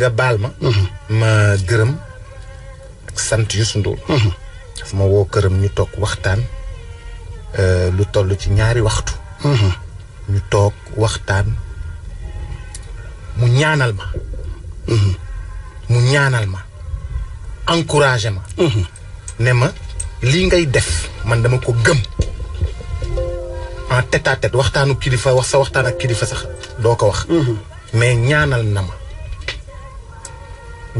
nga baal ma. Mhm. ma gërëm ak sant Youssou Ndour. Mhm. dafa woo këram ñu toog waxtaan euh, lu toll ci ñaari waxtu. Mhm. ñu toog waxtaan mu ñaanal ma. mu ñaanal ma encouragé ma. ne ma lii ngay def man dama ko gëm. en tête à waxtaanu kilifa wax waxtaan ak kilifa sax doo ko wax. mais ñaanal na ma.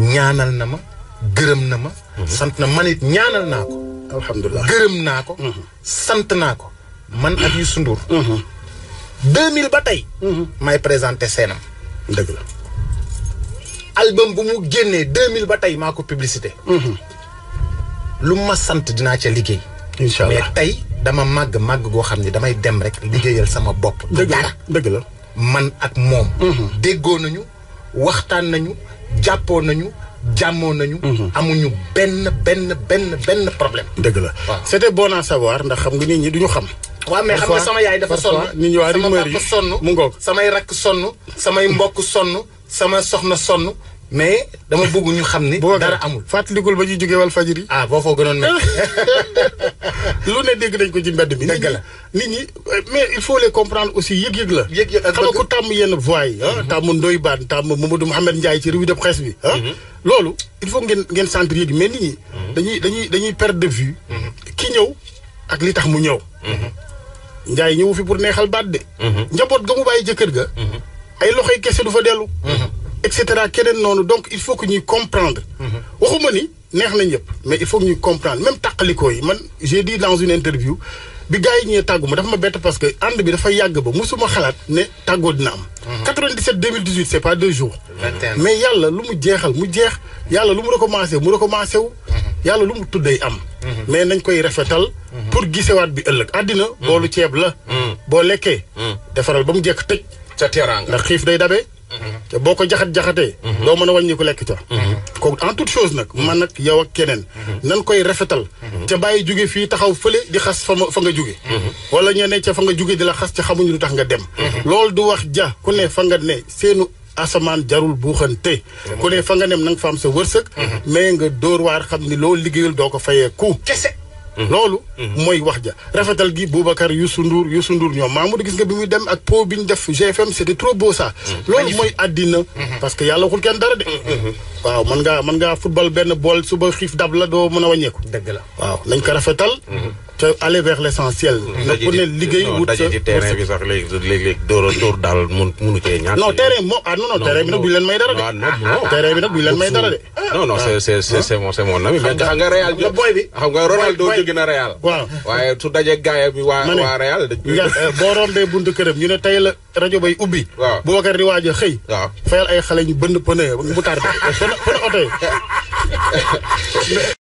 ñaanal na ma gërëm na ma. Mhm. sant na man it ñaanal naa ko. gërëm naa ko. Mhm. sant naa ko man ak Youssou Ndour. 2000 mhm. ba tey. may présenté seenam. dëgg la. album bu mu génnee 2000 ba tey maa ko publicité. lu ma sant dinaa ca liggéey. incha allah mais tey dama màgg màgg goo xam ne damay dem rek liggéeyal sama bopp. dëgg dëgg la man ak moom. déggoo nañu waxtaan nañu. jàppoo nañu jàmmoo nañu. Mhm. amuñu benn benn benn benn problème. dëgg la waaw c'était bon à savoir ndax xam nga nit ñi duñu xam. waaw amee xam nga sama yaay dafa sonn nit ñi waa rumeur yi sonn mu ngoog samay rakk sonn samay mbokk sonn sama soxna sonn mais dama bëgg ñu xam ni. dara amul fàttalikul ba ñuy jógee wal fajiri. ah boo foo gënoon mel. lu ne dégg nañ ko ci mbedd bi dëgg la nit ñi mais il faut les comprendre aussi yëg-yëg la. yëg ko ak xam nga ku tàmm yenn voix yi ah. Mhm. tàmm Ndoye Bane tàmm Mamadou Mouhamed Ndiaye ci revue de presse bi ah. Mhm. loolu il faut ngeen ngeen sentir yëg mais nit ñi. Mhm. dañuy dañuy dañuy perte de vue. ki ñëw ak li tax mu ñëw. Ndiaye ñëwu fi pour neexal baat de. njaboot ga mu bàyyi jëkkër ga. ay loxo loxoy kese du fa dellu. et cetera keneen noonu donc il faut que ñuy comprendre. waxuma ni. neex nañ ñëpp mais il faut que ñu comprendre même tàqalikoo yi man j'ai dit dans une interview bi gars yi ñee tàggu ma dafa ma bett parce que ànd bi dafa yàgg ba mu mosuma xalaat ne tàggoo dina am 97 mhm. 2018 c'est pas deux jours mais yàlla lu mu jeexal mu jeex yàlla lu mu recommencé mu recommencé wu mhm. yàlla lu mu tuddee am mhm. mais nañ koy rafetal pour gisewaat bi ëllëg àddina boolu ceeb la boo lekkee defaral ba mu jekk tëj ca teraanga ndax xiif day dabee te boo ko jaxat-jaxatee doo mën a wàññi ko lekk ca ko en toute chose nag man nag yow ak keneen mhm. nan koy rafetal ca mhm. bàyyi jóge fii taxaw fële di xas fa fa nga jóge mhm. wala ña ne ca fa nga jóge di la xas ca xamuñu lu tax nga dem lool du wax ja ku ne fa nga ne seenu asamaan jarul buuxante ku ne fa nga nem na nga fa am sa wërsëg mais nga dóor waar xam ni loolu liggéeyul doo ko fayee ku kese loolu mhm. mooy wax ja rafetal gi Boubacar Youssou Ndour Youssou Ndour ñoom di gis nga bi muy dem ak po bi ñu def GFM c'était trop beau ça mhm. loolu mooy àddina mhm. parce que yàlla waxul kenn dara de waaw mën ngaa mën ngaa football benn bool suba xiif dab la doo mën a waññeeku dëgg la waaw nañ ko rafetal te aller vers l' essentiel. na mm. ku ne liggéey wut sa daje bi sax léegi léeg-léeg door door daal mun munu cee ñaan. non terrain moom ah, ah non non terrain bi nag buñ leen may dara de. ah non terrain bi nag buñ leen may dara de. non xam nga Real jo boy bi. xam nga Ronaldo jóge na Real. waaw waaye su daje gaaya bi waa waa Real. Eh, boo rombee buntu këram ñu ne tey la rajo bay ubbi. waaw bu Bakar di waaj a xëy. waaw ay xale ñu bënd pëne mu tardé. pëne oto yi